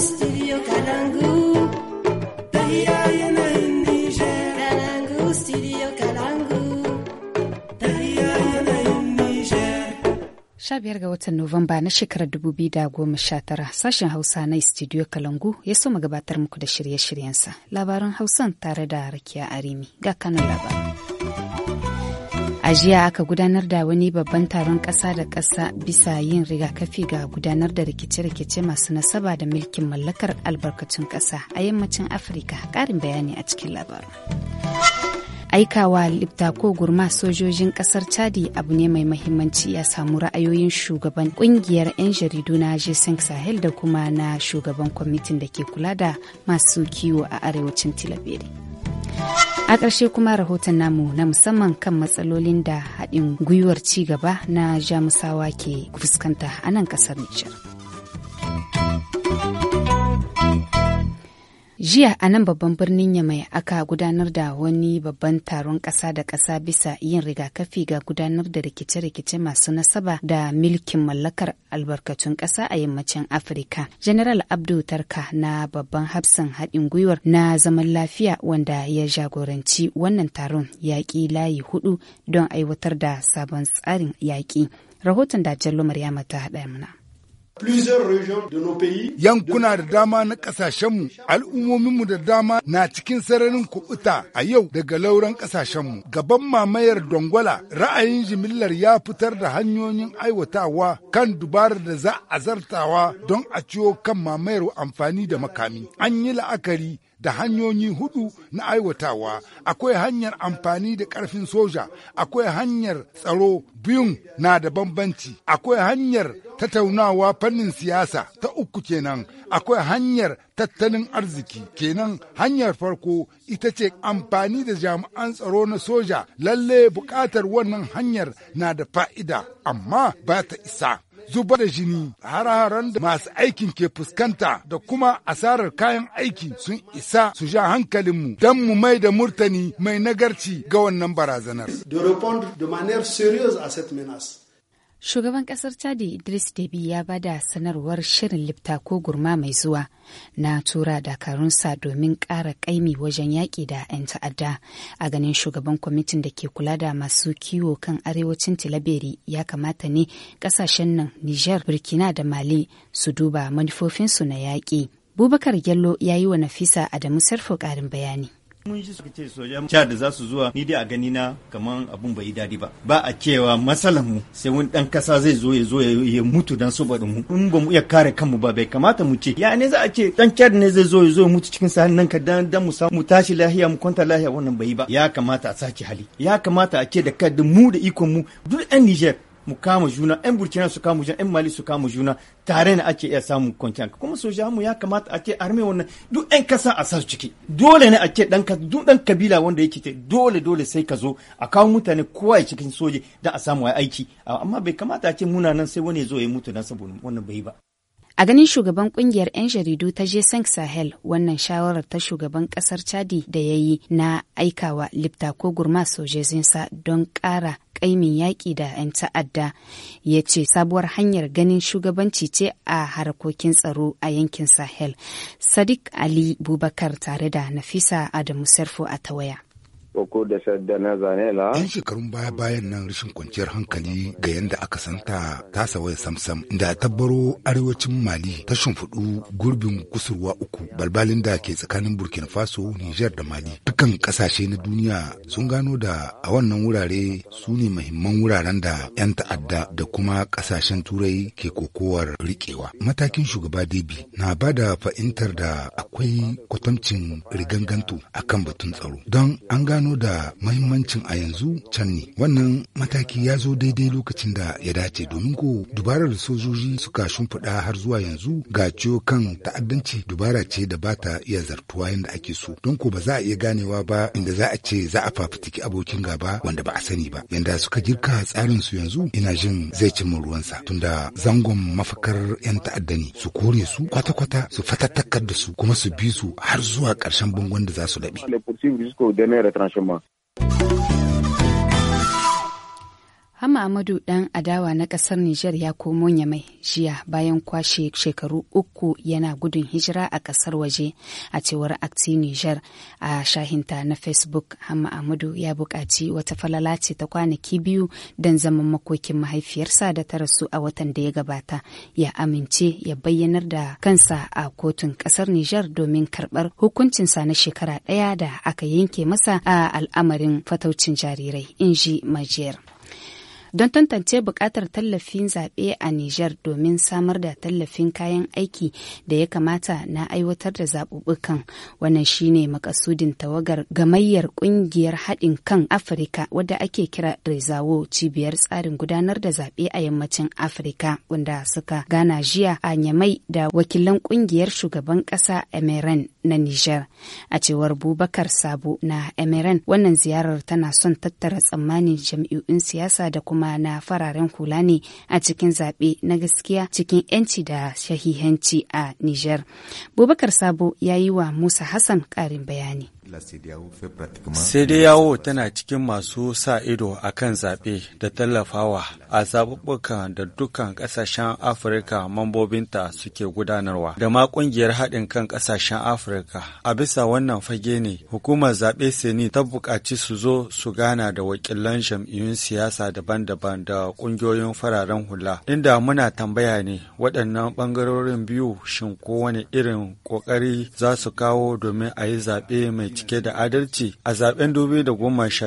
studio Kalangu. Niger. Kalangu studio Kalangu. Niger. Sha biyar ga watan Nuwamba na shekarar tara sashen Hausa na studio Kalangu ya so gabatar muku da shirye-shiryensa. Labaran Hausan tare da Rakiya Arimi ga kanan labaran. A jiya aka gudanar da wani babban taron ƙasa da ƙasa bisa yin rigakafi ga gudanar da rikice-rikice masu nasaba da milkin mallakar albarkacin ƙasa a yammacin Afirka. Ƙarin bayani a cikin labarin. aikawa lipta ko gurma sojojin kasar chadi abu ne mai mahimmanci ya samu ra'ayoyin shugaban kungiyar 'yan jaridu na g sahel da kuma na shugaban kwamitin da ke kula da masu kiwo a arewacin Tilabere. A ƙarshe kuma rahoton namu na musamman kan matsalolin da haɗin gwiwar ci gaba na Jamusawa ke fuskanta a nan ƙasar Nijar. Jiya a nan babban birnin Yamai aka gudanar da wani babban taron ƙasa da ƙasa bisa yin rigakafi ga gudanar da rikice-rikice masu nasaba da milkin mallakar albarkatun ƙasa a yammacin Afirka. General Abdul Tarka na babban hafsan haɗin gwiwar na zaman lafiya wanda ya jagoranci wannan taron yaƙi layi hudu don aiwatar da sabon tsarin yaƙi. Rahoton da Jallo Maryama ta haɗa mana. Yankuna da dama na ƙasashenmu, al'ummominmu da dama na cikin sararin kuɓuta a yau daga lauran ƙasashenmu. Gaban mamayar dongola. ra'ayin jimillar ya fitar da hanyoyin aiwatawa kan dubarar da za a zartawa don a ciwo kan mamayar amfani da makami. An yi la'akari da hanyoyi hudu na aiwatawa akwai hanyar amfani da ƙarfin soja akwai hanyar tsaro biyun na da bambanci akwai hanyar tattaunawa fannin siyasa ta uku kenan akwai hanyar tattalin arziki kenan hanyar farko ita ce amfani da jami'an tsaro na soja lalle buƙatar wannan hanyar na da fa'ida amma ba ta isa zuba da jini har-haren da masu aikin ke fuskanta da kuma asarar kayan aiki sun isa su ja hankalinmu don mu mai da murtani mai nagarci ga wannan barazanar. De de Shugaban kasar Chadi Idris Deby ya bada sanarwar shirin lifta ko gurma mai zuwa na tura dakarunsa domin ƙara ƙaimi wajen yaƙi da 'yan ta'adda. A ganin shugaban kwamitin da ke kula da masu kiwo kan arewacin Tilaberi ya kamata ne ƙasashen nan Nijar, Burkina da Mali su duba manufofinsu na yaƙi. Bubakar Gyallo ya yi wa Nafisa Adamu Sarfo ƙarin bayani. mun shi suka ce sojan cha da za su zuwa ni dai a gani na kaman abun bai daɗi ba ba a cewa masalan mu sai wani dan kasa zai zo ya zo ya mutu dan saboda mu in ba mu iya kare kanmu ba bai kamata mu ce ya ne za a ce dan cha ne zai zo ya zo ya mutu cikin sa nan ka dan dan mu samu mu tashi lahiya mu kwanta lahiya wannan bai ba ya kamata a sake hali ya kamata a ce da kadin mu da ikon mu duk ɗan Niger mu kama juna yan burkina su kama juna yan mali su kama juna tare ne ake iya samun kwanciyar kuma soja mu ya kamata a ce arme wannan duk yan kasa a sasu ciki dole ne a ce dan duk dan kabila wanda yake ce dole dole sai ka zo a kawo mutane kowa ya cikin soje da a samu aiki amma bai kamata a ce muna nan sai wani ya zo ya mutu na saboda wannan bai ba A ganin shugaban kungiyar 'yan jaridu ta Jesang Sahel wannan shawarar ta shugaban kasar Chadi da ya yi na aikawa lipta ko gurma sojojinsa don kara kaimin yaƙi da 'yan ta'adda ya ce sabuwar hanyar ganin shugabanci ce a harkokin tsaro a yankin Sahel. Sadiq Ali Bubakar tare da Nafisa Adamu Serfo a tawaya. uku da shadda na zane la. Yan shekarun baya bayan nan rashin kwanciyar hankali ga yadda aka santa ta sawaya samsam da tabbaro arewacin Mali ta shimfiɗu gurbin kusurwa uku balbalin da ke tsakanin Burkina Faso, niger da Mali. dukkan ƙasashe na duniya sun gano da a wannan wurare su ne mahimman wuraren da 'yan ta'adda da kuma ƙasashen turai ke kokowar riƙewa. Matakin shugaba Debi na ba da fahimtar da akwai kwatancin rigangantu akan batun tsaro. Don an gano gano da mahimmancin a yanzu can ne wannan mataki ya zo daidai lokacin da ya dace domin ko dubarar sojoji suka shimfiɗa har zuwa yanzu ga ciwo kan ta'addanci dubara ce da ba ta iya zartuwa yadda ake so don ko ba za a iya ganewa ba inda za a ce za a fafitiki abokin gaba wanda ba a sani ba yanda suka girka tsarin su yanzu ina jin zai cimma ruwansa tunda zangon mafakar 'yan ta'adda ne su kore su kwata-kwata su fatattakar da su kuma su bi su har zuwa ƙarshen bangon da za su laɓe. 什么？Hama Amadu ɗan adawa na ƙasar Nijar ya komo mai jiya bayan kwashe shekaru uku yana gudun hijira a ƙasar waje a cewar acti Nijar a shahinta na Facebook. Hama Amadu ya buƙaci wata falala ce ta kwanaki biyu don zaman makokin mahaifiyarsa da ta rasu a watan da ya gabata. Ya amince ya bayyanar da kansa a kotun ƙasar Nijar domin karɓar hukuncinsa na shekara ɗaya da aka yanke masa a al'amarin fataucin jarirai, in Majiyar. don tantance buƙatar tallafin zaɓe a Nijar domin samar da tallafin kayan aiki da ya kamata na aiwatar da zaɓuɓɓukan. Wannan shine makasudin tawagar gamayyar ƙungiyar haɗin kan Afirka wadda ake kira Rezawo cibiyar tsarin gudanar da zaɓe a yammacin Afirka wanda suka gana jiya a Nyamai da wakilan ƙungiyar shugaban ƙasa Emeren na Nijar. A cewar Bubakar Sabo na Emeren wannan ziyarar tana son tattara tsammanin jam'iyyun siyasa da kuma kuma na fararen hula ne a cikin zaɓe na gaskiya cikin 'yanci da shahihanci a Nijar. Bubakar Sabo ya yi wa Musa Hassan ƙarin bayani. CDAO tana cikin masu sa ido a kan zaɓe da tallafawa a zaɓuɓɓukan da dukkan ƙasashen Afirka mambobinta suke gudanarwa da ma ƙungiyar haɗin kan ƙasashen Afirka. A bisa wannan fage ne hukumar zaɓe Seni ta buƙaci su zo su gana da wakilan jam'iyyun siyasa daban-daban da ƙungiyoyin fararen hula. Inda muna tambaya ne waɗannan ɓangarorin biyu shin kowane irin ƙoƙari za su kawo domin a yi zaɓe mai cike da adalci a zaben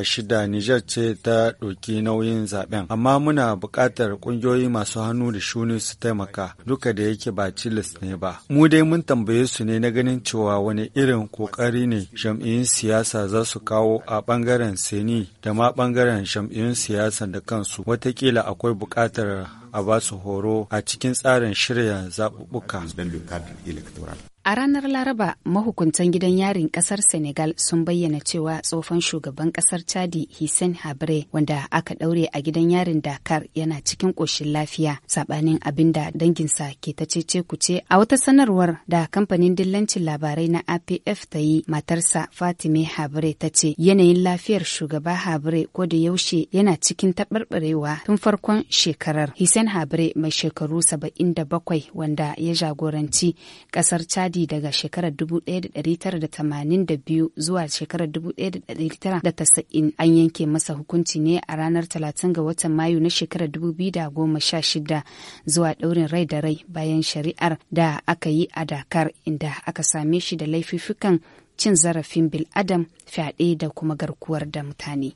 shida Nijar ce ta ɗauki nauyin zaben amma muna buƙatar ƙungiyoyi masu hannu da shuni su taimaka duka da yake ba cilis ne ba. Mu dai mun tambaye su ne na ganin cewa wani irin ƙoƙari ne jam'iyyun siyasa za su kawo a ɓangaren seni da ma ɓangaren jam'iyyun siyasa da kansu watakila akwai buƙatar a ba su horo a cikin tsarin shirya zaɓuɓɓuka. A ranar Laraba, mahukuntan gidan yarin kasar Senegal sun bayyana cewa tsohon shugaban kasar Chadi Hissène Habre wanda aka daure a gidan yarin Dakar yana cikin ƙoshin lafiya sabanin abin da danginsa ke ta cece kuce a wata sanarwar da kamfanin dillancin labarai na APF ta yi matarsa Fatime Habre ta ce yanayin lafiyar shugaba Habre ko da yaushe yana cikin taɓarɓarewa tun farkon shekarar. Hissène Habre mai shekaru 77 wanda ya jagoranci kasar Chadi gadi daga shekarar 1982 zuwa shekarar 1990 an yanke masa hukunci ne a ranar 30 ga watan Mayu na shekarar 2016 zuwa ɗaurin rai da rai bayan shari'ar da aka yi a Dakar inda aka same shi da laifufukan cin zarafin bil'adam fyaɗe da kuma garkuwar da mutane.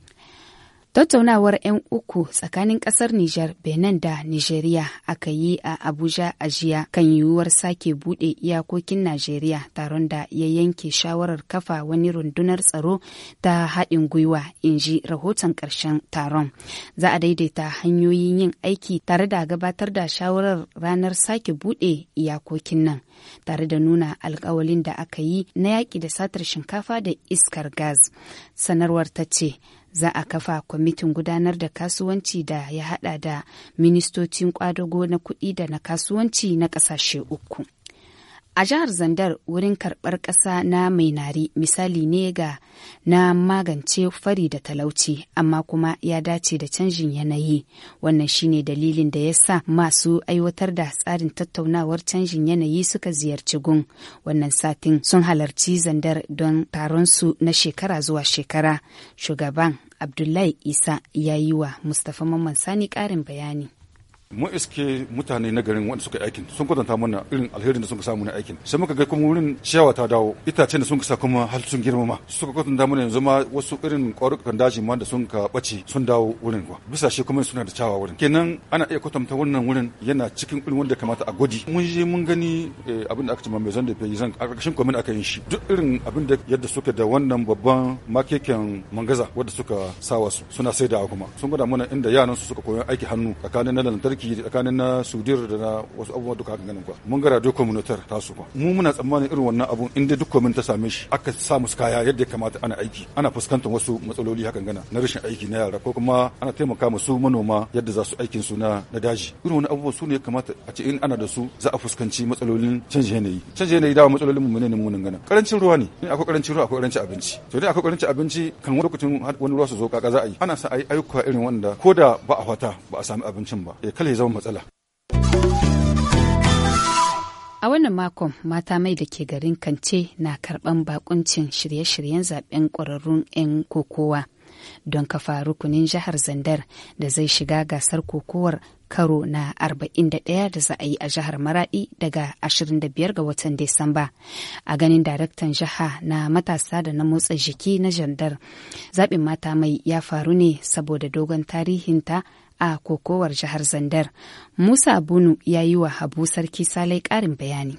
Tattaunawar 'yan uku tsakanin kasar Nijar, Benin da Nijeriya aka yi a Abuja a jiya kan yiwuwar sake buɗe iyakokin Najeriya taron da ya yanke shawarar kafa wani rundunar tsaro ta haɗin gwiwa in ji rahoton ƙarshen taron. Za a daidaita hanyoyin yin aiki tare da gabatar da shawarar ranar sake buɗe iyakokin nan tare da nuna alkawalin da aka yi na yaƙi da satar shinkafa da iskar gas. Sanarwar ta ce za a kafa kwamitin gudanar da kasuwanci da ya hada da ministocin kwadago na kuɗi da na kasuwanci na ƙasashe uku. A jihar Zandar wurin karɓar ƙasa na mainari misali ne ga na magance fari da talauci amma kuma ya dace da canjin yanayi wannan shine dalilin da ya sa masu aiwatar da tsarin tattaunawar canjin yanayi suka ziyarci gun wannan satin sun halarci Zandar don taron su na shekara zuwa shekara shugaban Abdullahi Isa ya yi wa Mustapha Mamman Sani ƙarin bayani. mu iske mutane na garin wanda suka aikin sun kwatanta mana irin alherin da suka samu na aikin sai muka ga kuma wurin ciyawa ta dawo itacen da sun sa kuma har sun girmama suka kwatanta mana yanzu ma wasu irin kwarukan daji ma da sun ka bace sun dawo wurin kuwa bisa shi kuma suna da ciyawa wurin kenan ana iya kwatanta wannan wurin yana cikin irin wanda kamata a gwaji mun je mun gani eh, abin da aka ce mai zan bai zan a ƙarƙashin aka yin shi duk irin abin da yadda suka da wannan babban makeken mangaza wanda suka sawa su suna da kuma sun gwada mana inda yaran su suka koyi aiki hannu tsakanin na lantarki barki tsakanin na sudir da na wasu abubuwa duka haka ganin kwa mun ga radio communautaire ta su kwa mu muna tsammanin irin wannan abun inda duk komin ta same shi aka sa musu kaya yadda ya kamata ana aiki ana fuskantar wasu matsaloli hakan gana na rashin aiki na yara ko kuma ana taimaka musu manoma yadda za su aikin su na na daji irin wani abubuwa su ne ya kamata a ce in ana da su za a fuskanci matsalolin canji yanayi canji yanayi dawa matsalolin mu ne munin gana karancin ruwa ne in akwai karancin ruwa akwai karancin abinci to dai akwai karancin abinci kan wani lokacin wani ruwa su zo kaka za a yi ana sa a yi ayyuka irin wanda ko da ba a fata ba a sami abincin ba ne zama matsala. A wannan makon mata mai da ke garin Kance na karɓan bakuncin shirye-shiryen zaben ƙwararrun 'yan kokowa don kafa rukunin jihar Zandar da zai shiga gasar kokowar karo na 41 da za a yi a jihar Maradi daga 25 ga watan Disamba. A ganin daraktan jiha na matasa da na motsa jiki na Zandar, zaɓin mata mai ya faru ne saboda dogon tarihinta a kokowar jihar Zandar. Musa Bunu ya yi wa Habu Sarki Salai ƙarin bayani.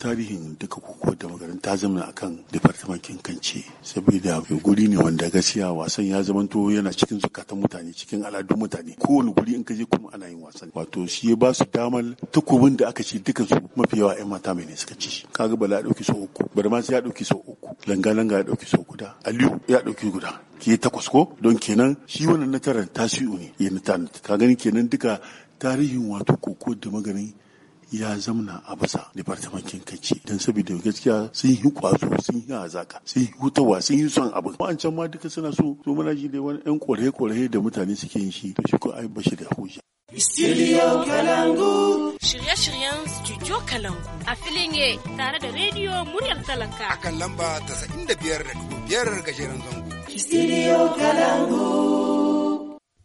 tarihin duka kokowar da magarin ta zama a kan departamentin kanci saboda guri ne wanda gaskiya wasan ya zamanto yana cikin zukatan mutane cikin al'adun mutane kowane guri in ka je kuma ana yin wasan wato shi ya ba su damar takobin da aka ce duka su mafi yawa yan mata mai ne suka ci kaga bala ya dauki sau uku barmas ya dauki sau uku langa langa ya dauki sau guda aliyu ya dauki guda ke takwas ko don kenan shi wannan na taran tasiu ne ya na ka gani kenan duka tarihin wato koko da maganin ya zamna a bisa departamentin kanci don saboda gaskiya sun yi kwazo sun yi hazaka sun yi hutawa sun yi son abin an can ma duka suna so to muna shi da wani yan kore-kore da mutane suke yin shi to shi ko ai bashi da hujja Studio Kalangu. Shirye-shiryen Studio Kalangu a filin ye tare da rediyo muryar talaka. Akan lamba 95.5 gajeren zango. Studio Kalangu.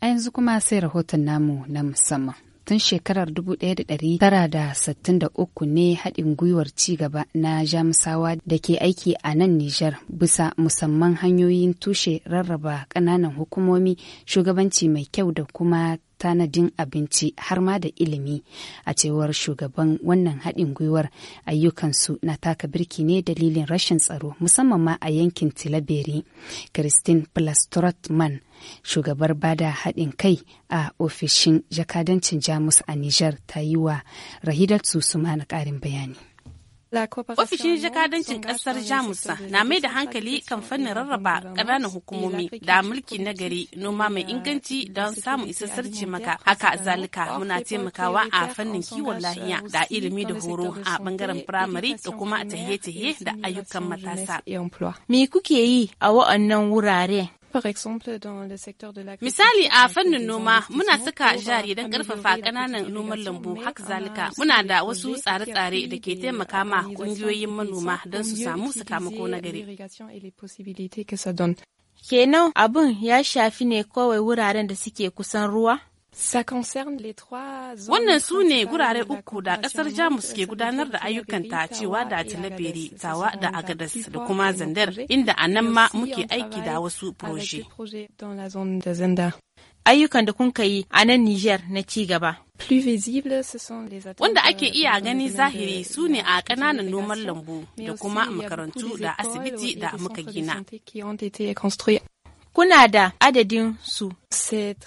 A yanzu kuma sai rahoton namu na musamman. tun shekarar 1963 ne haɗin gwiwar gaba. na jamusawa da ke aiki a nan Nijar bisa musamman hanyoyin tushe rarraba ƙananan hukumomi shugabanci mai kyau da kuma tanadin abinci har ma da ilimi a cewar shugaban wannan haɗin gwiwar ayyukansu na taka birki ne dalilin rashin tsaro musamman ma a yankin tilaberi christine plastrotman shugabar bada haɗin kai a ofishin jakadancin jamus a niger ta yi wa rahidatu su na ƙarin bayani Ofishin jakadancin kasar Jamus na mai da hankali kan fannin rarraba ƙananan hukumomi da mulki nagari, noma mai inganci don samun isassar maka haka zalika muna taimakawa a fannin kiwon lahiya da ilimi da horo a bangaren firamare da kuma tahiye-tahiye da ayyukan matasa. Me kuke yi a wa'annan wurare? le de Misali a fannin noma muna saka jari don karfafa kananan noman lambu haka zalika muna da wasu tsare-tsare da ke taimaka ma kungiyoyin manoma don su samu sakamako na gari. Kenan abun ya shafi ne kawai wuraren da suke kusan ruwa? Wannan su ne gurare uku da ƙasar Jamus ke gudanar da ayyukanta cewa da Tilaberi, Tawa da Agadas da kuma Zandar, inda a nan ma muke aiki da wasu proje. Ayyukan da kun yi a nan Nijar na ci gaba. Wanda ake iya gani zahiri su ne a ƙananan noman lambu da kuma makarantu da asibiti da muka gina. kuna da adadin su.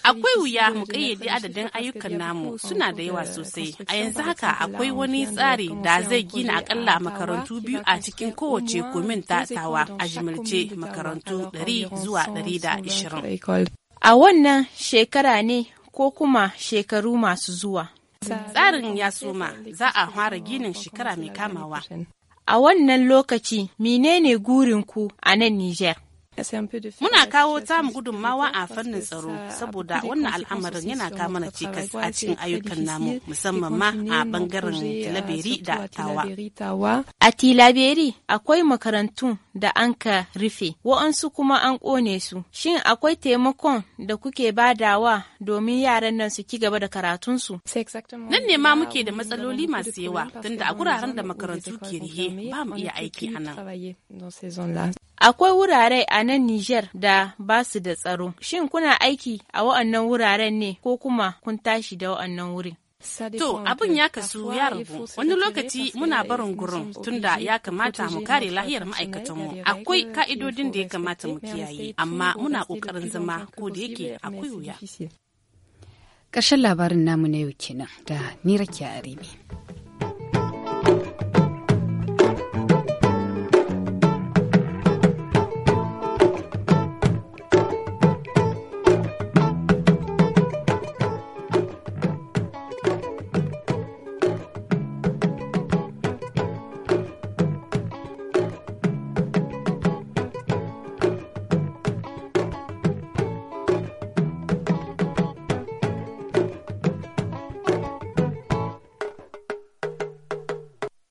Akwai wuya mu ƙayyade adadin ayyukan namu suna da yawa sosai. A yanzu haka akwai wani tsari da zai gina akalla makarantu biyu a cikin kowace komin ta a jimilce makarantu 100 zuwa 120. A wannan shekara ne ko kuma shekaru masu zuwa. Tsarin ya soma za a fara ginin shekara mai kamawa. A wannan lokaci menene gurinku a nan Nijar? Muna kawo tamu gudunmawa a fannin tsaro saboda wannan al'amarin yana kawo mana cikas a cikin ayyukan namu musamman ma a bangaren Tilaberi da Tawa. A Tilaberi akwai makarantu da an ka rufe, wa'ansu kuma an ƙone su. Shin akwai taimakon da kuke badawa domin yaran nan su ki gaba da karatunsu? Nan ne ma muke da matsaloli masu yawa, tunda a guraren da makarantu ke rihe ba mu iya aiki a nan. Akwai wurare a mutanen Nijar da ba su da tsaro. Shin kuna aiki a wa'annan wuraren ne ko kuma kun tashi da wa'annan wurin? To abin ya euh, kasu ya rabu wani lokaci muna barin gurin tunda ya kamata mu kare lahiyar ma'aikatanmu akwai ka'idodin da ya kamata mu kiyaye amma muna ƙoƙarin zama ko da yake akwai wuya. Ƙarshen labarin namu na yau kenan da ni a Arimi.